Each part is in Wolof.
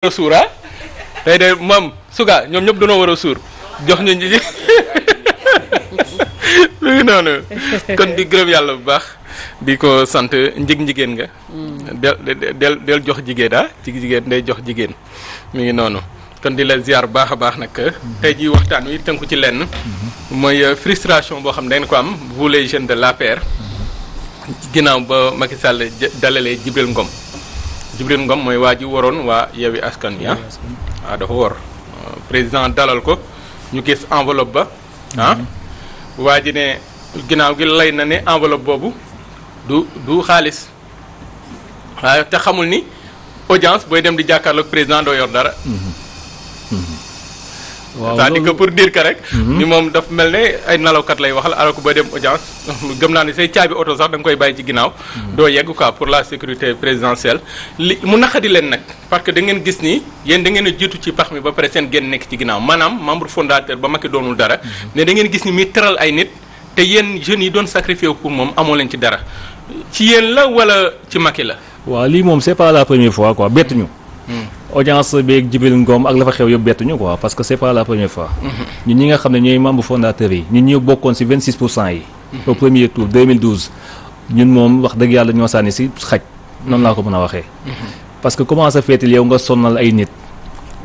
a suur ah tey de moom suga ñoom ñëpp dañoo war a suur jox ñu ñi lu ngi noonu kon di gërëm yàlla bu baax di ko sant njig njigéen nga mm. del del jox jigéen ah jig jigéen day jox jigéen mi ngi noonu kon di la ziar baax a baax nag mm-hmm. tey ji waxtaan wi tënku ci lenn mm-hmm. mooy euh, fristration boo xam ne dañ ko am vous les jeunes de l'APR mm-hmm. ginnaaw ba Macky Sall dalalee Djibril Ngom Jibril Ngom mooy waa ji waroon waa Yewwi Askan Wi ah waaw ah, dafa war euh, président dalal ko ñu gis enveloppe ba ah mhm. waa ji ne ginnaaw gi lay na ne enveloppe boobu du du xaalis waaye te xamul ni audience booy dem di jàkkaarloog président doo yor dara mhm. Mhm. c'est-à-dire pour dire que rek mhm. ni moom daf mel ne ay nalawkat lay waxal alors que booy dem audience gëm naa ne say caabi oto sax da nga koy bàyyi ci ginnaaw mhm. doo yegg quoi pour la sécurité présidentielle li mu naqadi leen nag parce que da ngeen gis ni yéen da ngeen a jiitu ci pax mi ba pare seen génn nekk ci ginnaaw maanaam membre fondateur ba Macky doonul dara mhm. ne da ngeen gis ni muy teral ay nit te yéen jeunes yi doon sacrifié pour moom amoo leen ci dara ci yéen la wala ci Macky la waaw lii moom c'est pas la première fois ñu audience beeg Jibril Ngom ak la fa xew yëpp bettuñu quoi parce que c'est pas la première fois. ñun ñi nga xam ne ñooy membre fondateur yi ñun ñoo bokkoon ci yi. au premier tour 2012 moom wax dëgg yàlla ñoo sànni ci xaj. noonu laa ko mën a waxee. parce que comment ça fait nga sonnal ay nit.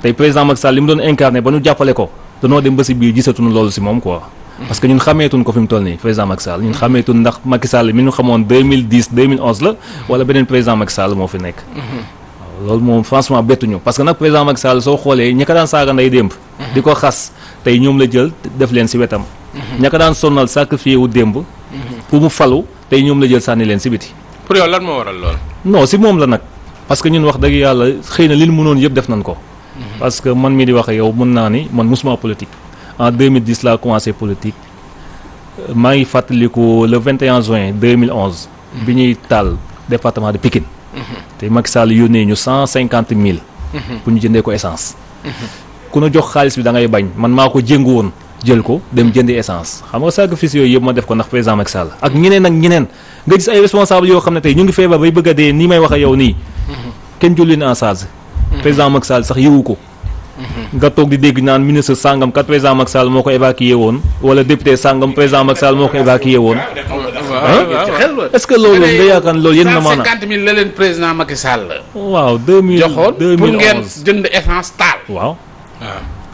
tey président Macky li mu doon incarné ba ñu jàppale ko danoo dem ba ci biir gisatuñu loolu ci moom quoi. parce que ñun xameetun ko fi mu toll nii président Macky loolu moom franchement bettuñu parce que nag président Macky Sall soo xoolee ñi ko daan saaga nday démb. di ko xas tey ñoom la jël def leen si wetam. ña ko daan sonnal sacrifié wu démb. pour mu falu tey ñoom la jël sànni leen si biti. pour yow lan moo waral lool. non si moom la nag parce que ñun wax dëgg yàlla xëy na li ñu mënoon yëpp def nañ ko. parce que man mii di wax yow mën naa ni man musuma politique. en 2010 laa commencé politique euh, fàttaliku le juin bi ñuy taal te Macky Sall yónnee ñu cent cinquante mille. Mhm. pour ñu jëndee ko essence. Mhm. ku nu jox xaalis bi da ngay bañ man maa ko jéngu woon jël ko dem jëndi essence xam nga sacrifice yooyu yëpp ma def ko ndax président Macky Sall ak ñeneen ak ñeneen nga gis ay responsable yoo xam ne tey ñu ngi feebar bay bëgg a dee nii may wax ak yow nii. Mhm. kenn jël leen président Macky sax yëwu ko. nga toog di dégg naan ministre sangam kat président Macky moo ko évacué woon wala député est-ce que loolu nga yaakaar loolu yéen na maanaam 150 000 la leen président Macky Sall. waaw 2000 joxoon pour ngeen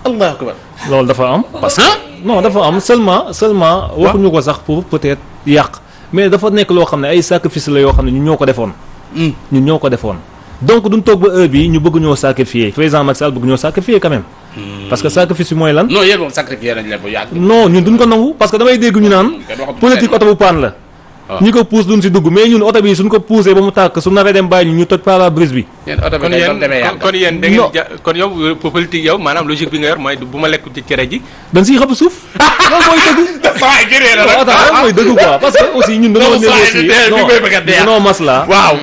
jënd loolu dafa am. parce que dafa am seulement seulement. waxuñu ko sax pour peut-être yàq. mais dafa nekk loo xam ne ay sacrifice la yoo xam ne ñun ñoo ko defoon. Hmm. ñun ñoo ko defoon. donc duñ toog ba heure bi ñu bëgg ñoo sacrifier président Macky Sall bëgg ñoo sacrifier quand même. Hmm. parce sacrifice bi mooy lan. non yéen duñ ko nangu parce damay dégg ñu naan. Hmm, politique oto bu paan la. ñi ko pousse duñ si dugg mais ñun oto bi suñ ko poussé ba mu tàkk su naree dem bàyyi ñu ñu toj pare-brise bi. kon yéen kon yéen da kon yow euh, politique yow maanaam logique bi nga yor mooy bu ma lekk ci cere ji. dañ siy xëpp suuf. loolu mooy dëgg. waaye gëree que aussi ñun dañoo négocier non non masla. waaw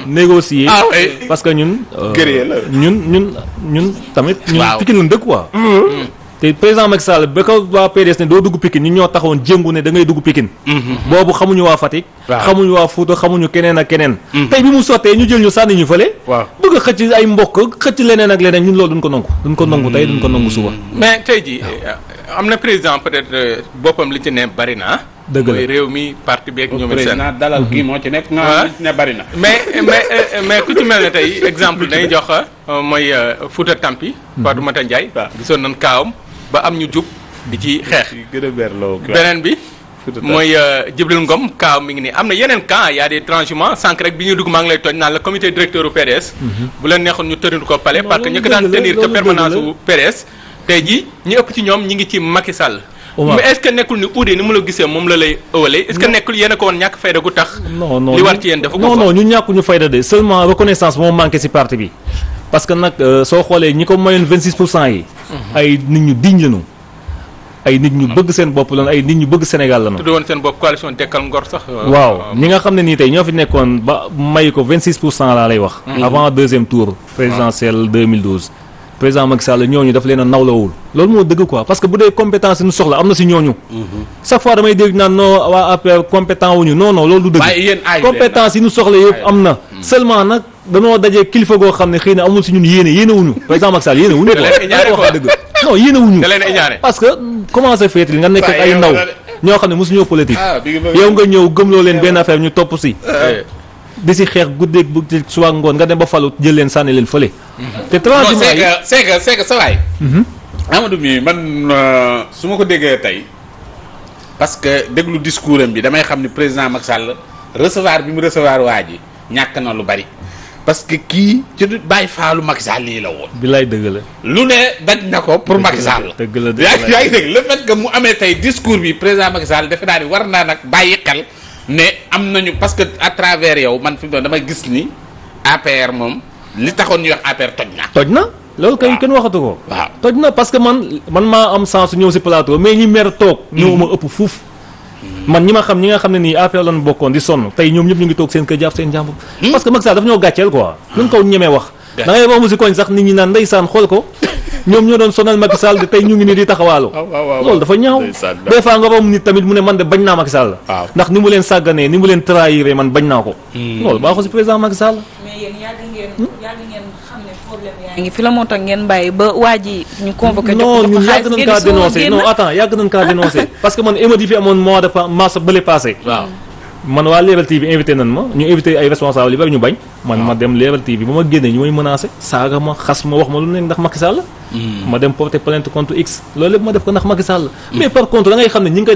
ah, parce que ñun. Euh, gëree la ñun ñun ñun tamit. waaw ñun Pikine lañ dëkk te président Macky Sall ba ko waa PDS ne doo dugg Pikine ñun ñoo taxoon jéngu ne da ngay dugg Pikine mm-hmm. boobu xamuñu waa Fatick xamuñu waa Fouta xamuñu keneen ak keneen mm-hmm. tey bi mu sottee ñu jël ñu sànni ñu fële waaw bëgg xëcc ay mbokk xëcc leneen ak leneen ñun loolu duñ ko nangu duñ ko nangu tey duñ ko nangu suba mais tey ji am na président peut-être euh, boppam li ci ne bari na dëgg mooy réew mi parti beeg ñoom seen président dalal kii mm-hmm. moo ci nekk. nga ah. ne bari na. mais mais euh, mais ku ci mel ne tey exemple dañuy jox euh, mooy Fouta Tampi. Fatoumata Ndiaye. waaw gisoon nañ kaawam. ba am ñu jub di ci xeex beneen bi mooy euh, Jibril Ngom kaa mi ngi nii am na yeneen camp y a des transhumants rek bi ñu dugg maa ngi lay tooñ naan la comité directeur u PDS mhm. bu leen neexoon ñu tënir ko palais parce que ñu ko ñu ngi ci Macky Sall oh, mais est nekkul ni uude ni mu la gisee moom la lay ëwalee est que nekkul yéen a ko woon ñàkk fayda gu tax li war ci yéen dafa ko ñu ñàkku ñu fayda de seulement reconnaissance moo manqué si parti bi parce que euh, soo xoolee ñi ko mayoon 26 pour cent yi ay nit ñu diñ lañu ay nit ñu bëgg seen bopp lañu ay nit ñu bëgg Sénégal lañu. seen bopp coalition dekkal ngor sax. Euh, waaw euh, ñi nga xam ne nii tey ñoo fi nekkoon ba may ko 26 pour cent laa lay wax. Mhm. avant deuxième tour. présidentielle ah. 2012. président Macky Sall ñooñu daf leen a nawlawul loolu moo dëgg quoi parce que bu dee compétence ñu soxla am na si ñooñu. Mhm. chaque fois damay dégg naan non waa APR compétent wuñu non non loolu du dëgg. compétence yi ñu soxla yëpp am na mhm. seulement nag. danoo daje kilifa goo xam ne xëy na amul si ñun yéene yéenewuñu wuñu par exemple Macky Sall yéene wuñu ko wax dëgg non yéene parce que comment ça fait nga nekk ak ay ndaw ñoo xam ne mosuñoo politique yow nga ñëw gëmloo leen benn affaire ñu topp si di si xeex guddeeg bu suba ngoon nga dem ba falu jël leen sànni leen fële te transhumance yi sa waay Amadou su ma ko déggee tey parce que déglu discours am bi damay xam ne président Macky Sall recevoir bi mu recevoir waa ji ñàkk na lu bari parce que kii ci du bàyyi faalu Macky Sall lii la woon. bilaay dëgg la. lu ne daj na ko pour Macky dëgg la dëgg la yaa ngi dégg mu amee tey discours bi président Macky Sall defe war naa nag bàyyi xel ne am nañu parce que à travers yow man fi mu doon dama gis ni APR moom li taxoon ñuy wax APR toj na. toj na loolu kay kenn waxatu ko. waaw toj na parce que man man maa am sens ñëw si plateau mais ñi mer toog. ñëw ma ëpp fuuf. man ñi ma xam ñi nga xam ne nii APR lan bokkoon di sonn tey ñoom ñëpp ñu ngi toog seen kër jàpp seen jàmbur hmm? parce que Macky Sall ñoo gàcceel ko ñemee wax da ngay wax mu si koñ sax nit ñi naan ndeysaan xool ko ñoom ñoo doon sonal Macky Sall tey ñu ngi nii di taxawaalu ah, loolu dafa ñaaw des nga romb nit tamit mu ne man de bañ naa Macky ndax ni mu leen sàgganee ni mu leen trahiré man bañ naa ko hmm. loolu baaxul si président Macky ngi fi ngeen bàyyi ba waa ji ñu convoqué non ñun yàgg nañ kaa dénoncé non attends yàgg nañ kaa dénoncé parce que man émeute amoon mois de mars bële passé hmm. man waa Leral TV invité nan ma ñu invité ay responsable yi bari ñu bañ man ma dem Leral TV ba ma génnee ñu may menacé saaga ma xas ma wax ma lu nekk ndax Macky Sall hmm. ma dem porter plainte contre X loolu lépp ma def ko ndax Macky Sall hmm. mais par contre da xam ne ñi ngi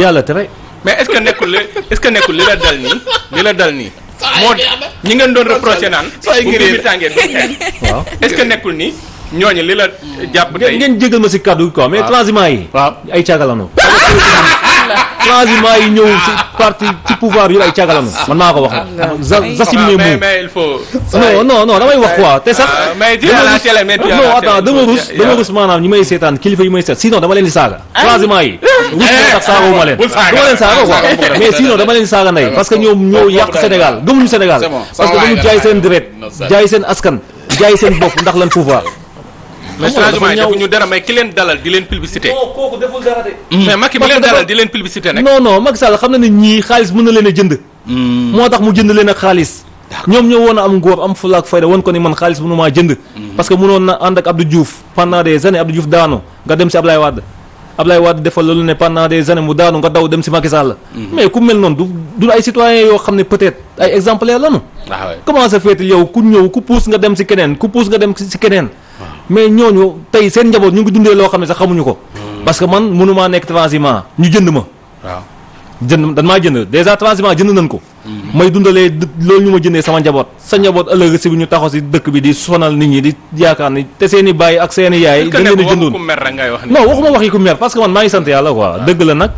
defal mais est que nekkul li est-ce que nekkul li la dal nii li la dal nii. moo ñi ngeen doon reproché naan. sooy ngir bu bi tàngee du waaw est-ce que nekkul ni ñooñu li la jàpp tey. ngeen jégal ma si kàddu quoi mais transhumants yi. waaw ay caagalano. transhumant yi ñëw ci parti ci pouvoir yi ay càggalam man maa ko wax la. Zassim Memu no mais il damay wax quoi te sax. Euh, mais ji à la télé mais ji dama rus dama rus maanaam ñi may seetaan kilifa yi may seet sinon dama leen di saaga. transhumant ah yi. Eh, rus na sax saaga wu ma leen. dama leen saaga quoi mais sinon dama leen di saaga ndey parce que ñoom ñoo yàq Sénégal gëmuñu Sénégal. parce que dañu jaay seen deret jaay seen askan jaay seen bopp ndax lan pouvoir mais changement yi defuñu dara mais ki leen dalal di leen publicité. non kooku hmm. leen xam na ne ñii xaalis mën na leen jënd. Hmm. moo tax mu jënd leen ak xaalis. ñoom ñoo woon a am ngóor am fulaak fayda woon ko ni man xaalis mënu maa jënd. Hmm. parce que mënoon na ànd ak Abdou Diouf pendant des années Abdou Diouf daanu nga dem si Ablaye Wade. Ablaye Wade defal loolu ne pendant des années mu daanu nga daw dem si Macky mais ku mel noonu du du ay citoyens yoo xam ne peut ay exemplaires lañu. waaw ah mais ñooñu tey seen njaboot ñu ngi dundee loo xam ne sax xamuñu ko. Hmm. parce que man mënumaa nekk transiment ñu jënd ma. waaw jënd dan maa jënd dèjà transiment jënd nañ ko. Hmm. may dundalee loolu ñu ma jëndee sama njaboot sa njaboot ëllëg si taxaw si dëkk bi di sonal nit ñi di yaakaar ni te seen i ak seen yaay. dañ leen a jëndoon non waxuma waxi ku mer parce que man maa ngi sant yàlla quoi dëgg la nag.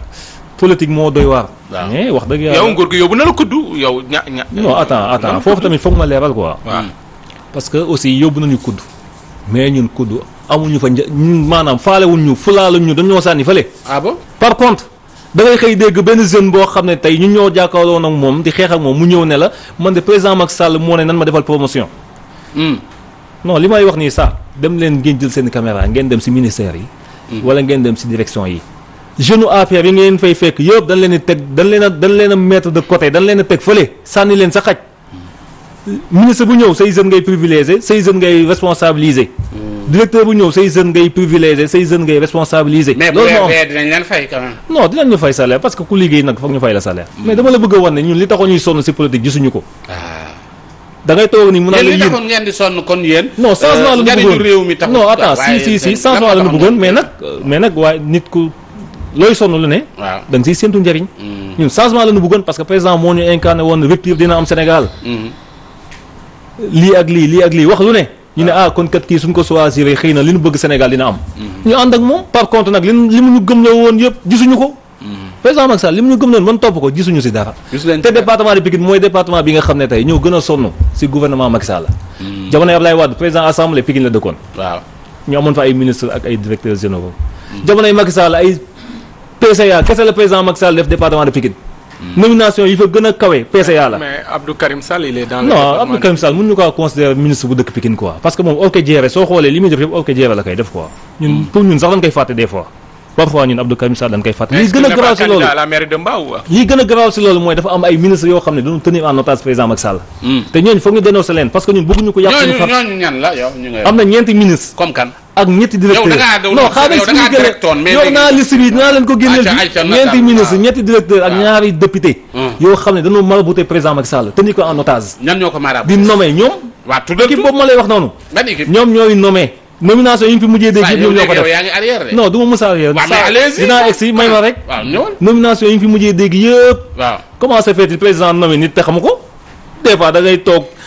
politique moo doy waar. mais eh, wax dëgg yàlla yow nguur gi yóbbu na kudd yow ña ña. non attends attends ma leeral quoi. parce que aussi yóbbu nañu kudd mais ñun kuddu amuñu fa një ñun maanaam faale wuñ ñu fulaaluñ ñu dañoo sànni fële. ah par contre da xëy dégg benn jeune boo xam ne tey ñu ñoo jàkkaarloo nag moom di xeex ak moom mu ñëw ne la man de président Macky Sall moo ne nan ma defal promotion. Hmm. non li may wax nii sax dem leen ngeen jël seen caméra ngeen dem si ministère yi. Hmm. wala ngeen dem si direction yi. jeune APR yi ngeen fay fekk yëpp dañ leen di teg dañ leen a dañ leen a mettre de côté dañ leen a teg fële sànni leen sa xaj. ministre bu ñëw say jeunes ngay privilégié say jeunes ngay responsabilisé. Hmm. directeur bu ñëw say jeunes ngay privilégié say jeunes ngay responsabilisé. loolu moo mais dinañ leen fay quand parce que ku liggéey nag foog ñu fay la salaire. Hmm. mais dama la bëgg a wan ne ñun li taxoon ñuy sonn ci politique gisuñu ko. Ah. da ngay toog ni mun naa la yéen taxoon ngeen di sonn kon yéen. non euh, changement la ñu bëggoon non attends si si si changement la ñu bëggoon mais nag mais nag waaye nit ku. looy sonn da nga siy séntu njëriñ. Hmm. ñun changement la ñu bëggoon parce que président moo ñu incarné woon rupture dina am Sénégal. lii ak lii lii ak lii wax lu ne. ñu ne ah, ah kon kat kii suñ ko choisir xëy na li ñu bëgg Sénégal dina am. Mhm. ñu ànd ak moom par contre nag li li mu ñu gëmloo woon yëpp gisuñu ko. Mhm. président Macky Sall li mu ñu gëm noonu man topp ko gisuñu si dara. te département de Pikine mooy département bi nga xam ne tey ñoo gën a sonn si gouvernement Macky Sall. Mhm. jamono Abdoulaye Wade président assemblée Pikine la dëkkoon. waaw ñu amoon fa ay ministre ak ay directeurs généraux. jamonoy Mm. nomination yi fa gën a kawe PCA la. mais Abdou Karim Sall il est dans. non Abdou Karim Sall mënuñu ko considérer ministre bu dëkk Pikine quoi parce que moom or ko soo xoolee li muy def yëpp or la koy def quoi. ñun mm. pour ñun sax dañ koy fàtte des fois. parfois ñun Abdou Karim Sall dañ fàtte. li gën a garaaw si loolu mooy dafa am ay ministres yoo xam ne dañu tenir en otage président Macky Sall. Mm. te ñooñu foog ñu dénoncer leen parce que ñun bëgguñu ko yàq. ak ñetti directeur non xaaral suñu gëlee yor naa liste bi dinaa leen ko génneel ci ñeenti ministre ñetti directeur ak ñaari député yoo xam ne dañoo marabouté président Macky Sall tenir en otage di nommé ñoom waa boobu ma lay wax noonu ñoom ñooy nommé nomination yi ñu fi mujjee dégg yëpp ñoom ñoo ko def dinaa egg ma rek nomination yi ñu fi mujjee dégg yëpp comment se fait président nommé nit te xamu ko des fois toog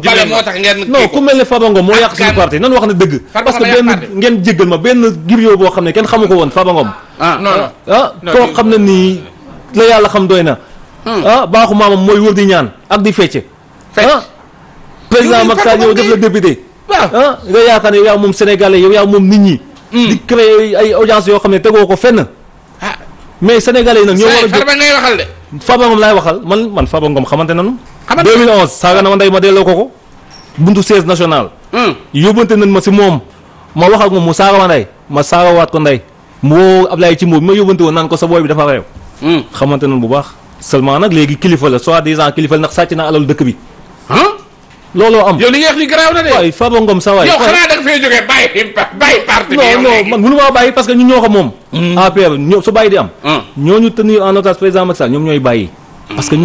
bale moo tax ngeen non ku mel ne Farba Ngom moo yàq wax na dëgg parce que benn ngeen jéggal ma benn giriyoo boo xam ne kenn xamu ko woon Farba ah, ah, ah, koo xam ne nii la yàlla xam doy na hmm. ah baaxu maamam mooy wër di ñaan ak di fecc ah président Macky Sall yow def la député ah nga yaakaar ne yow yaa moom sénégalais yow yaa moom nit ñi hmm. di créer ay audience yoo xam ne tegoo ko fenn mais sénégalais yi nag ñoo a Farba ngay waxal laay waxal man man Farba Ngom xamante nanu xam nga 2011 saaga na ma ndey ma delloo ko ko buntu siège national. Hmm. yóbbante na ma si moom ma wax ak moom mu saaga ma ndey ma saagawaat ko ndey mu woo Ablaye ci mbuur bi ma yóbbante woon naan ko sa booy bi dafa réew. Hmm. xamante nañ bu baax seulement nag léegi kilifa la soi-disant kilifa la ndax sàcc na alalu dëkk bi. Hmm? looloo am yow li nga wax garaaw na de. waay Farba Ngom sa waay yow xanaa da fee jógee bàyyi parti bi. bàyyi parce que ñun ñoo ko moom. APR ñoo su bàyyi di am. en otage ñoom ñooy bàyyi. parce que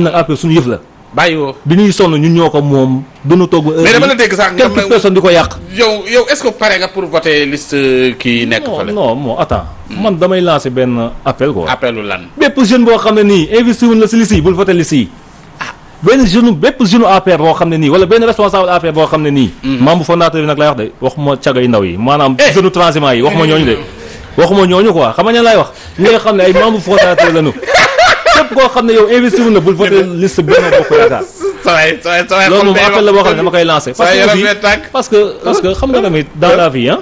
bàyyiwoo bi ñuy sonn ñu ñoo ko moom. duñu toog ba heure mais di ko yàq. yow yow est-ce pour voter liste euh, kii nekk fële. non non hmm. man damay lancer benn appel quoi. appelu lan. bépp jeune boo xam ne nii investir wuñ la si liste yi bul voter liste yi. Ah. benn jeune bépp jeune APR boo xam ne nii wala benn responsable APR boo xam ne nii. membre fondateur yi nag lay wax de waxuma cagay ndaw yi maanaam. Eh. jeune transhumant yi waxuma ñooñu de. waxuma ñooñu quoi xam nga laay wax ñi xam ne ay membre fondateur lañu képp koo xam ne yow investi wu na bul voté liste Benno Bokk Yaakaar. sawaay sawaay sawaay loolu moom appel la boo xam ne dama koy lancé. parce que parce que xam nga tamit dans la vie ah.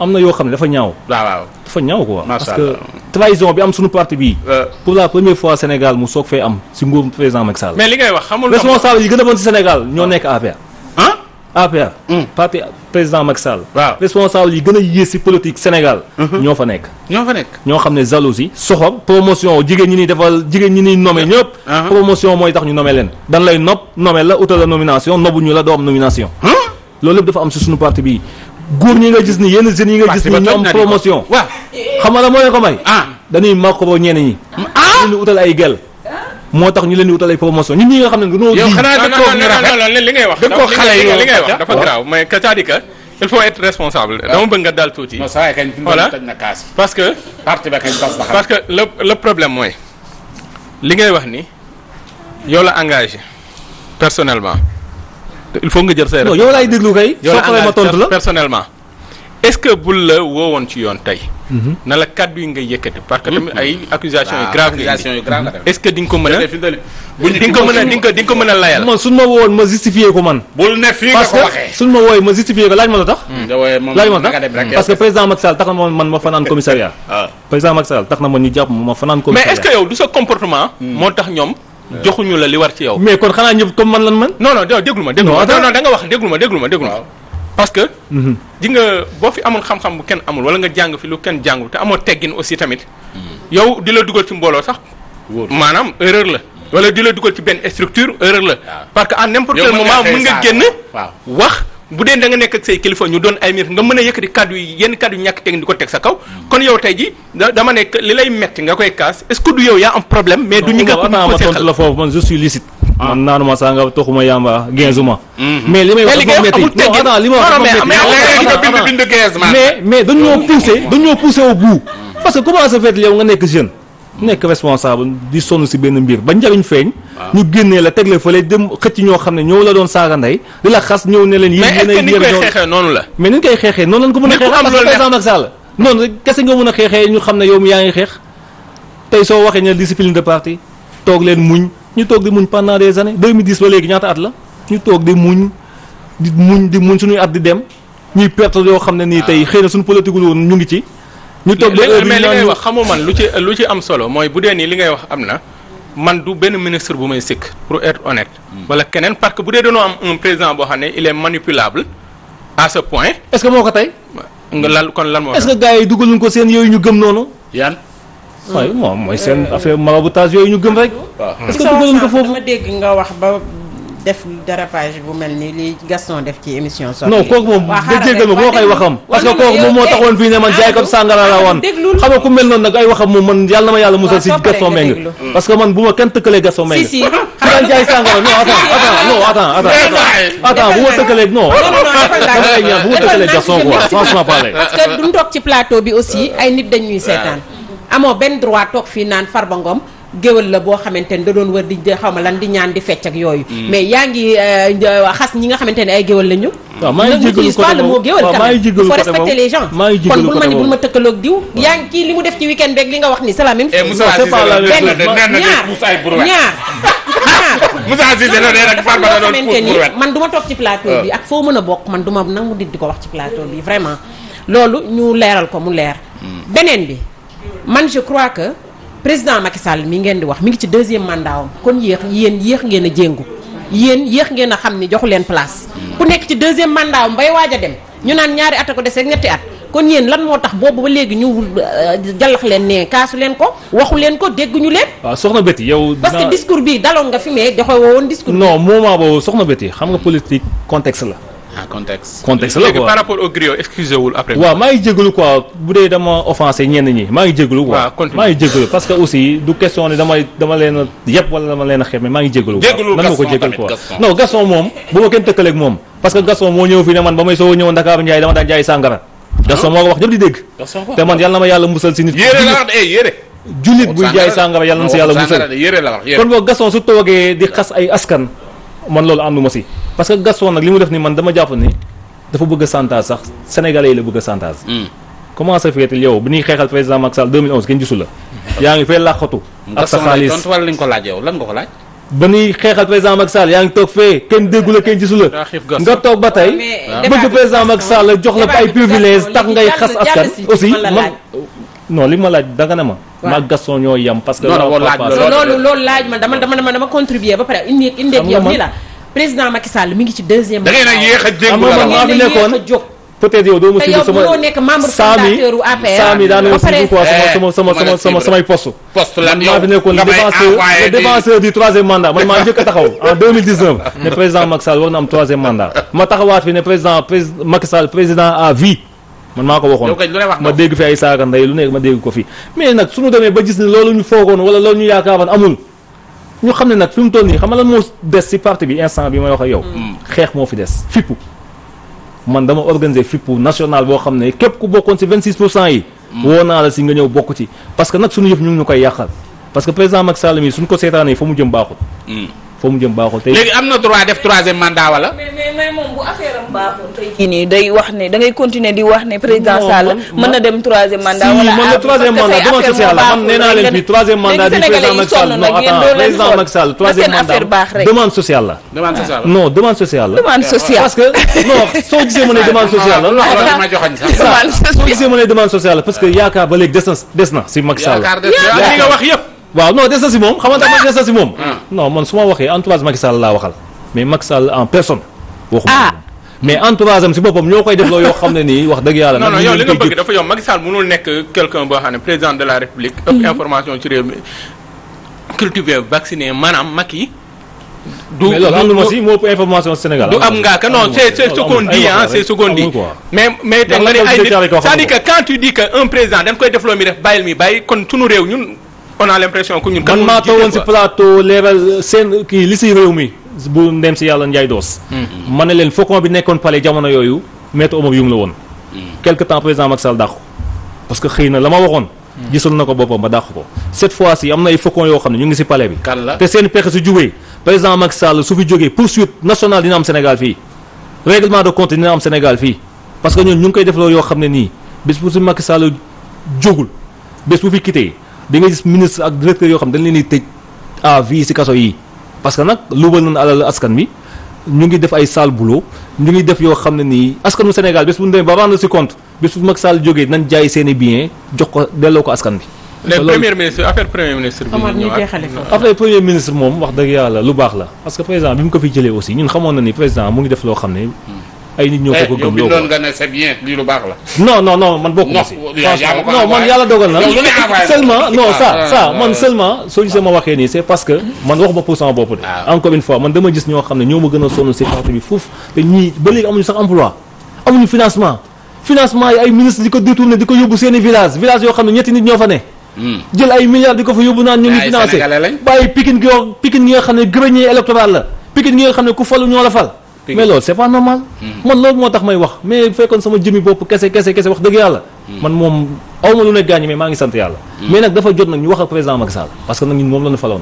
am na yoo xam ne dafa ñaaw. waaw waaw dafa ñaaw parce que trahison bi am suñu parti bii. Euh. pour la première fois Sénégal mu soog fee am si nguur président Macky mais li ngay wax xamul responsable yi gën a bon si Sénégal ñoo ah. nekk APR. APR. Hmm. parti président Macky Sall. waaw responsable yi gën a yées ci politique Sénégal. Hmm. ñoo fa nekk. ñoo fa nekk ñoo xam ne jalousie soxor promotion jigéen ñi ni defal jigéen ñi ni nommé ah. ñëpp. Ah. promotion mooy tax ñu nommé leen. dan lay nopp la utal la nomination nobbuñu la doo am nomination. loolu lépp dafa am ci suñu parti bi góor ñi nga gis ni yenn jeunes yi nga gis ni ñoom promotion. waaw xam nga la moo leen ko may. Ah. dañuy makoro ñenn ñi. ñu utal ay gel moo tax ñu leen di wutal ay promotion ñun ñi xam ne gënoo yow xanaa non li ngay wax da ko xale yi li ngay wax dafa grave mais cest à que il parce que parce que mooy li ngay wax ni yow la engagé personnellement il faut nga jël say non yow laay déglu kay soo paree ma tontu la personnellement est bul la woowoon ci yoon tey. Mhm. na la kàddu yi nga yëkkati parce que tamit mhm. ay accusations yu grave nga mhm. di nga ko mën di nga ko mën a di nga di nga ma woowoon ma justifié ko man bul ne fii ma wooyee ma justifié ko laaj ma hmm. tax laaj hmm. Hmm. président Macky tax na man ma fanaan commissariat ah. président Macky tax na man ñu jàpp ma fanaan commissariat mais est-ce du sa comportement moo tax ñoom joxuñu la li war ci yow mais kon xanaa ñëpp comme man lan ma parce que. ji mhm. nga boo fi amul xam-xam bu kenn amul wala nga jàng fi lu kenn jàngul te amoo teggin aussi tamit. yow di la dugal ci mbooloo sax. maanaam erreur la. Mhm. wala di la dugal ci benn structure erreur la. parce que à n'importe quel moment mën nga wax bu dee nekk ak kilifa ñu doon ay nga mën a yëkkati kàddu yi yenn kàddu yu ñàkk teggin di ko teg sa kaw. Mhm. kon yow tey ji dama nekk li lay metti nga koy kaas est du yow yaa am problème. mais du ñi nga ko ma la foofu man je suis Ah. man naanuma sàngara toxuma yàmba genzuma mhm. mais li may wax dafa ma wax mais mais dañoo poussé dañoo poussé au bout parce que comment ça fait yow nga nekk jeune nekk responsable di sonn si benn mbir ba njariñ feeñ ah. ñu génnee la tegle fële xëcc ñoo xam ne ñoo la doon saaga ndey di la xas ñëw ne leen yéen yéen koy xeexee noonu la mais ni ñu koy xeexee noonu lañ ko mën a xeex parce que président Macky noonu rek kese nga xeexee ñu xam ne yow mi yaa ngi xeex soo waxee ne discipline de parti toog leen muñ ñu toog di muñ pendant des années 2010 ba léegi ñaata at la ñu toog di muñ di muñ di muñ suñuy at di dem ñuy perte yoo xam ne nii ah. tey xëy na suñu politique woon ñu ngi ci. ñu toog ba mais li ngay wax xamu man lu ci lu ci am solo mooy bu dee nii li ngay wax am na man du benn ministre bu may sikk pour être honnête. Hmm. wala keneen parce que bu dee dañoo am président boo xam ne il est manipulable à ce point. est que moo ko tey. nga lan kon lan moo. que gars yi dugaluñ ko seen yooyu ñu gëm noonu. yan. waaye moom mooy seen affaire maraboutage yooyu ñu gëm rek. waaw est-ce que dugaloon ko foofu bu mel ni li Gaston def ci émission. soxna no kooku moom ba jéggal ma boo koy waxam. parce que kooku moom moo taxoon eh. fii ne man jaay ko sàngara la woon. xam nga ku mel noonu nag ay waxam moom man yàlla na ma yàlla musal si Gaston Mbengue. parce que man bu ma kenn tëkkalee Gaston Mbengue. si si xam jaay sàngara non attends attends bu ma tëkkalee non. dama parce que duñ toog ci plateau bi aussi ay nit dañuy seetaan. amoo benn droit toog fii naan far ba ngoom géwél la boo xamante ni da doon war di xaw ma lan di ñaan di fecc ak yooyu. Hmm. mais yaa ngi euh, xas ñi nga xamante ne ay géwél lañu. waaw maa ngi jégalu côté boobu waaw maa ma ni bul ma tëkkaloog diw. yaa ngi kii li mu def ci week-end beeg li nga wax ni c'est la même eh, chose. c'est pas la même chose la da doon xamante ni man du ma toog ci plateau bi ah. ak foo mën a bokk man du ma nangu di ko wax ci plateau bi vraiment loolu ñu leeral ko mu leer hmm. beneen bi man je crois que président Macky Sall mi ngeen di wax mi ngi ci deuxième mandat am kon yéex yéen yéex ngeen a jéngu yéen yéex ngeen a xam ni joxu leen place ku nekk ci deuxième mandat am bay waaj dem ñu naan ñaari at ko dese ak ñetti at kon yéen lan moo tax boobu ba léegi ñu euh, jallax leen ne kaasu leen ko waxu leen ko dégguñu leen. waaw ah, soxna Betty yow. parce que discours bi daloon nga fi mais joxe woon discours. non moment boobu soxna Betty xam nga politique contexte la. ah contexte contexte la quoi par rapport au griot excusez wul après. waaw maa ngi jégalu quoi bu dee dama offensé ñenn ñi maa ngi jégalu. waaw maa ngi jégalu parce que aussi du question ne dama dama leen a yëpp dama leen a xeme ngi jégalu. ko jégal quoi moom bu ma kenn tëkkaleeg moom. parce que Gaston moo ñëw fii ne man ba may soo ñëw Ndakaaru Ndiaye dama daan jaay sàngara. Ah. Gaston moo ko wax ñëpp man yàlla na ma yàlla musal si nit. yére la wax eh jullit buy jaay sàngara yàlla na si yàlla musal kon boo Gaston su toogee di xas ay askan man loolu ànduma si parce que Gaston nag li mu def nii man dama jàpp ni dafa bëgg a chantage sax sénégalais yi la bëgg a chantage. Hmm. comment ça fait yow bi ñuy xeexal président Macky Sall 2011 kenn gisu la. Hmm. yaa ngi fay tu ak sa xaalis Gaston wala lañ ko laaj yow lan nga ko laaj. ba ñuy xeexal président Macky Sall yaa ngi toog fee kenn déggu la kenn gisu la nga toog ba tey bëgg président Macky la jox la ay privilèges tax ngay xas askan aussi man non li ma laaj danga ne ma maag Gaston ñoo yem parce que loolu laaj man dama dama dama contribuer ba pare indi indi yow nii la président Macky Sall mi ci deuxième da ngay nag yéex a dégg man maa fi nekkoon peut-être yow doo daan ma suivre quoi sama sama sama sama samay poste maa fi nekkoon mandat man maa njëkk a taxaw en ne président Macky Sall war am troisième mandat ma taxawaat fi ne président Macky Sall man maa ko waxoon ma dégg fi ay saaga ndey lu nekk ma dégg ko fi mais nag suñu demee ba gis ne loolu ñu foogoon wala loolu ñu yaakaaroon amul ñu xam ne nag fi mu toll nii xam nga la moo des si parti bi instant bi may wax ak yow hmm. xeex moo fi des fippu man dama organiser fippu national boo xam ne képp ku bokkoon si 26 pour cent yi hmm. woo naa la si nga ñëw bokk ci parce que nag suñu yëf ñu ñu koy yàqal parce que président Macky Sall mi suñ ko seetaanee fa mu jëm baaxul hmm. foo mu jëm baaxul tey. léegi am na droit def wala. bu affaire baaxul tey kii nii day wax ne da ngay continuer di wax ne président Sall. mën na dem troisième mandat. wala na ah, troisième mandat dama social la man nee naa leen fii troisième mandat du président Macky Sall non attends président Macky Sall troisième mandat demande sociale la. demande soo gisee ma ne demande sociale la. demande soo gisee ma ne demande sociale la parce que yaakaar ba léegi des na des na si Macky Sall. yaakaar des li nga wax yëpp. waaw non des na si moom xamante ne des na si moom. Ah. non man su ma waxee entourage Macky Sall laa waxal mais Macky Sall en personne. waxuma ah. mais entourage am si boppam ñoo koy def loo yoo xam ne nii wax dëgg yàlla. non non yow li nga bëgg dafa yow Macky Sall mënul nekk quelqu'un boo xam ne président de la république. ëpp mm-hmm. information ci réew mi cultivé vacciné maanaam Macky. du mais loolu ànduma si moo ëpp information Sénégal. du am ngaa que non c' est c' est ce qu' on dit ah c' est ce qu' on dit mais mais tey nga ne ay c'est-à-dire que quand tu dis que un président dañ koy def loo mi def bàyyil mi bàyyi kon sunu réew ñun on a l'impression que ñun. man maa toogoon si plateau leeral seen kii li si réew mi bu ndem si yàlla Ndiaye Doos. Mm-hmm. ma ne leen faucon bi nekkoon palais jamono yooyu maître Omar Youm la woon. Mm-hmm. quelque temps président Macky Sall dàq ko parce que xëy na la ma waxoon. Mm-hmm. gisul na ko boppam ba dàq ko cette fois ci am na ay faucon yoo xam ne ñu ngi si pale bi. te seen pexe su jubee président Macky Sall su fi jógee poursuite nationale dina am Sénégal fii règlement de compte dina am Sénégal fii parce que ñun ñu ngi koy defloo yoo xam ne nii bés bu si Macky Sall jógul bés di nga gis ministre ak directeur yoo xam dañ leen di tëj à vie ci kaso yi parce que nag luubal nañ alal askan wi ñu ngi def ay sale boulot ñu ngi def yoo xam ne nii askanu Sénégal bés bu ñu demee jógee nañ jaay seen i jox ko delloo ko askan bi léegi premier ministre moom wax dëgg yàlla lu baax la parce que président bi mu ko fi jëlee aussi ñun xamoon na ni président mu ngi def loo xam ne ay nit ñoo ko ko eh, gëm. yow bindoon nga ne c'est bien lii lu baax la. non non non man bokk na si. non man yàlla dogal na. seulement non ah, ça ça ah, man ah. seulement soo gisee ma waxee nii c'est parce que man wax ma pour sama bopp de. encore une fois man dama gis ñoo xam ne ñoo ma gën a sonn si parti bi foofu te ñii ba léegi amuñu sax emploi amuñu financement financement yi ay ministre di ko détourné di ko yóbbu seen i village village yoo xam ne ñetti nit ñoo fa ne. Hmm. jël ay milliards di ko fa yóbbu naan ñu ngi financé bàyyi Pikine gi yoo Pikine gi nga xam ne grenier électoral la Pikine gi nga xam ne ku falu ñoo la fal mais loolu c'est pas normal. Mm-hmm. man loolu moo tax may wax mais bu fekkoon sama jëmmi bopp kese kese kese wax dëgg yàlla. Mm-hmm. man moom aw ma lu ne gaañ mais maa ngi sant yàlla. Mm-hmm. mais nag dafa jot nag ñu wax ak président Macky Sall parce que nag ñun moom la faloon.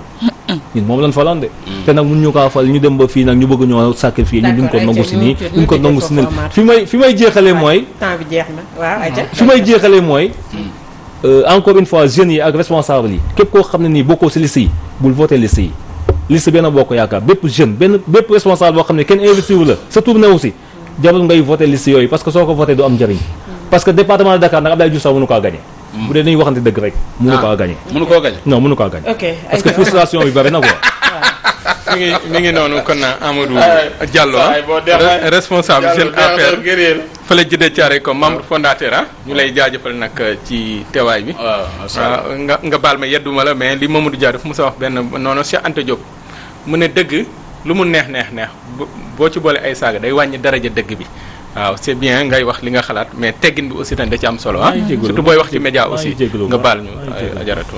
ñun moom lañ faloon de. te nag mun ñu kaa fal ñu dem ba fii nag ñu bëgg ñoo sacrifier ñun duñ ko nangu si nii duñ ko nangu si nii fi may fi may jeexalee mooy. temps bi na waaw fi may jeexalee mooy. Euh, encore une fois jeunes yi ak responsables yi képp koo xam ne nii bokkoo si liste yi bul yi liste benn bokk yaakaar bépp jeune benn bépp responsable boo xam ne kenn investi wu la sa tourné aussi jarul ngay voté liste yooyu parce que soo ko voté du am njëriñ parce que département de Dakar nag Abdoulaye Diouf sax mënu kaa gagné hmm. bu dee dañuy waxante dëgg rek mënu ah. kaa gagné mënu koo gagné non mënu kaa gagné parce que na quoi mi ah ñu lay jaajëfal nag euh, ci teewaay bi ah, ah, nga nga baal ma yedduma la mais li Mamadou Dia daf mu sa wax benn noonu Cheikh Anta mu ne dëgg lu mu neex neex neex boo ci boole ay saaga day wàññi daraja dëgg bi waaw c'est bien ngay wax li nga xalaat mais teggin bi aussi tamit da ci am solo ah. surtout booy wax ci média aussi nga baal ñu ajaratu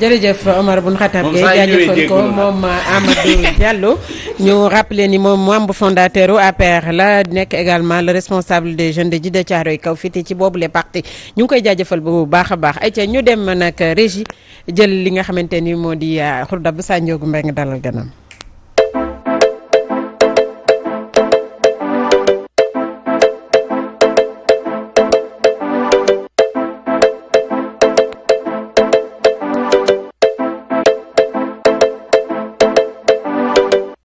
jërëjëf Omar Bun Xatab Gueye moom Amadou Diallo ñu rappelé ni moom membre fondateur u APR la nekk également le responsable des jeunes de Djiddah Thiaroye Kaw fii ci boobu les parti ñu ngi koy jaajëfal bu baax a baax ay ayca ñu dem nag régie jël li nga xamante ni moo di euh, Khourda Boussa Ndiogou Mbengue dalal ganam.